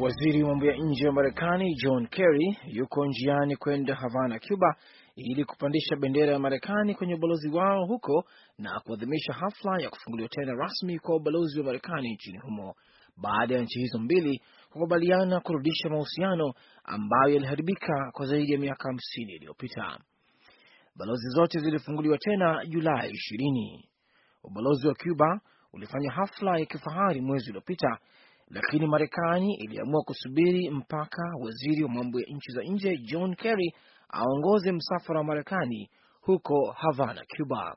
Waziri wa mambo ya nje wa Marekani John Kerry yuko njiani kwenda Havana, Cuba ili kupandisha bendera ya Marekani kwenye ubalozi wao huko na kuadhimisha hafla ya kufunguliwa tena rasmi kwa ubalozi wa Marekani nchini humo baada ya nchi hizo mbili kukubaliana kurudisha mahusiano ambayo yaliharibika kwa zaidi ya miaka hamsini iliyopita. Balozi zote zilifunguliwa tena Julai ishirini. Ubalozi wa Cuba ulifanya hafla ya kifahari mwezi uliopita lakini Marekani iliamua kusubiri mpaka waziri wa mambo ya nchi za nje John Kerry aongoze msafara wa Marekani huko Havana, Cuba.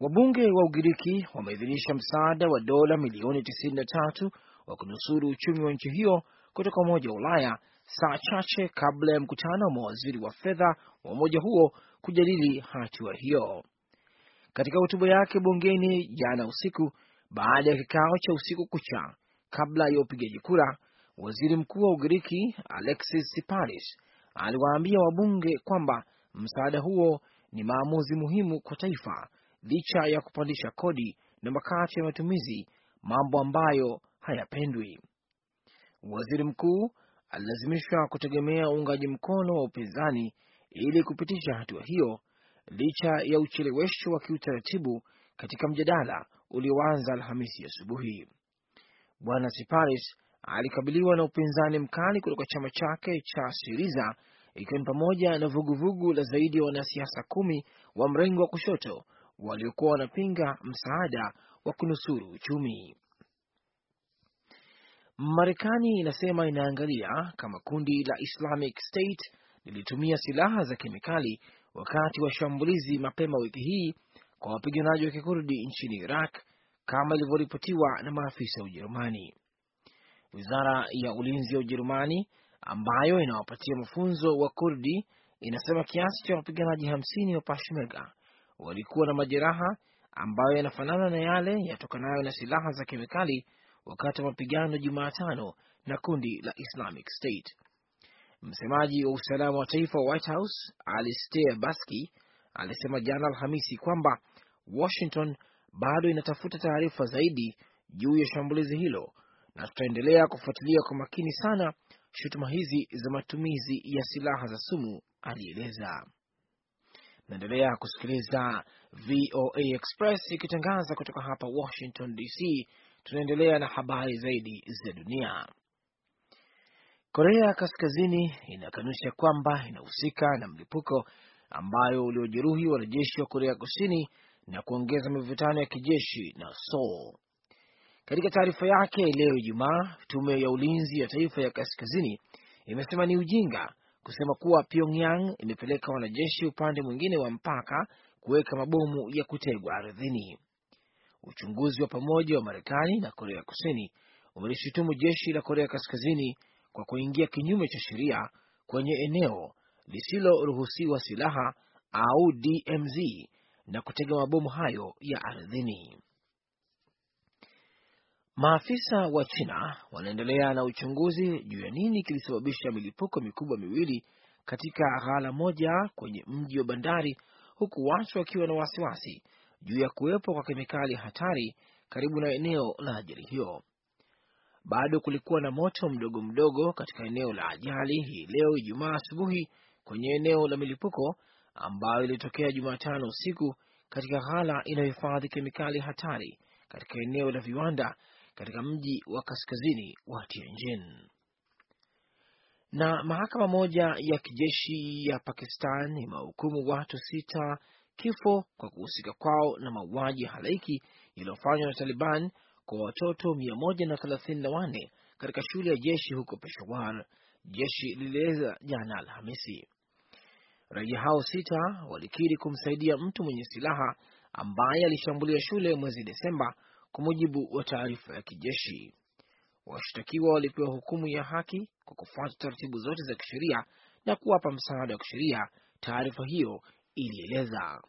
Wabunge wa Ugiriki wameidhinisha msaada wa dola milioni 93 wa kunusuru uchumi wa nchi hiyo kutoka Umoja wa Ulaya saa chache kabla ya mkutano wa mawaziri wa fedha wa umoja huo kujadili hatua hiyo. Katika hotuba yake bungeni jana usiku, baada ya kikao cha usiku kucha kabla ya upigaji kura. Waziri mkuu wa Ugiriki Alexis Siparis aliwaambia wabunge kwamba msaada huo ni maamuzi muhimu kwa taifa licha ya kupandisha kodi na makati ya matumizi, mambo ambayo hayapendwi. Waziri mkuu alilazimishwa kutegemea uungaji mkono wa upinzani ili kupitisha hatua hiyo licha ya uchelewesho wa kiutaratibu katika mjadala ulioanza Alhamisi asubuhi. Bwana siparis alikabiliwa na upinzani mkali kutoka chama chake cha Siriza, ikiwa ni pamoja na vuguvugu la zaidi ya wanasiasa kumi wa mrengo wa kushoto waliokuwa wanapinga msaada wa kunusuru uchumi. Marekani inasema inaangalia kama kundi la Islamic State lilitumia silaha za kemikali wakati wa shambulizi mapema wiki hii kwa wapiganaji wa kikurdi nchini Iraq kama ilivyoripotiwa na maafisa wa Ujerumani. Wizara ya ulinzi ya Ujerumani ambayo inawapatia mafunzo wa Kurdi inasema kiasi cha wapiganaji hamsini wa Peshmerga walikuwa na majeraha ambayo yanafanana na yale yatokanayo na silaha za kemikali wakati wa mapigano Jumatano na kundi la Islamic State. Msemaji wa usalama wa taifa wa White House Alistair Baski alisema jana Alhamisi kwamba Washington bado inatafuta taarifa zaidi juu ya shambulizi hilo na tutaendelea kufuatilia kwa makini sana shutuma hizi za matumizi ya silaha za sumu, alieleza. Naendelea kusikiliza VOA Express ikitangaza kutoka hapa Washington DC. Tunaendelea na habari zaidi za dunia. Korea Kaskazini inakanusha kwamba inahusika na mlipuko ambayo uliojeruhi wanajeshi wa Korea Kusini na kuongeza mivutano ya kijeshi na Seoul. Katika taarifa yake leo Ijumaa, tume ya ulinzi ya taifa ya kaskazini imesema ni ujinga kusema kuwa Pyongyang imepeleka wanajeshi upande mwingine wa mpaka kuweka mabomu ya kutegwa ardhini. Uchunguzi wa pamoja wa Marekani na Korea Kusini umelishutumu jeshi la Korea Kaskazini kwa kuingia kinyume cha sheria kwenye eneo lisiloruhusiwa silaha au DMZ na kutega mabomu hayo ya ardhini. Maafisa wa China wanaendelea na uchunguzi juu ya nini kilisababisha milipuko mikubwa miwili katika ghala moja kwenye mji wa bandari, huku watu wakiwa na wasiwasi juu ya kuwepo kwa kemikali hatari karibu na eneo la ajali hiyo. Bado kulikuwa na moto mdogo mdogo katika eneo la ajali hii leo Ijumaa asubuhi kwenye eneo la milipuko ambayo ilitokea Jumatano usiku katika ghala inayohifadhi kemikali hatari katika eneo la viwanda katika mji wa kaskazini wa Tianjin. Na mahakama moja ya kijeshi ya Pakistan imewahukumu watu sita kifo kwa kuhusika kwao na mauaji halaiki yaliyofanywa na Taliban kwa watoto mia moja na thelathini na wanne katika shule ya jeshi huko Peshawar, jeshi lilieleza jana Alhamisi. Raia hao sita walikiri kumsaidia mtu mwenye silaha ambaye alishambulia shule mwezi Desemba, kwa mujibu wa taarifa ya kijeshi. Washtakiwa walipewa hukumu ya haki kwa kufuata taratibu zote za kisheria na kuwapa msaada wa kisheria, taarifa hiyo ilieleza.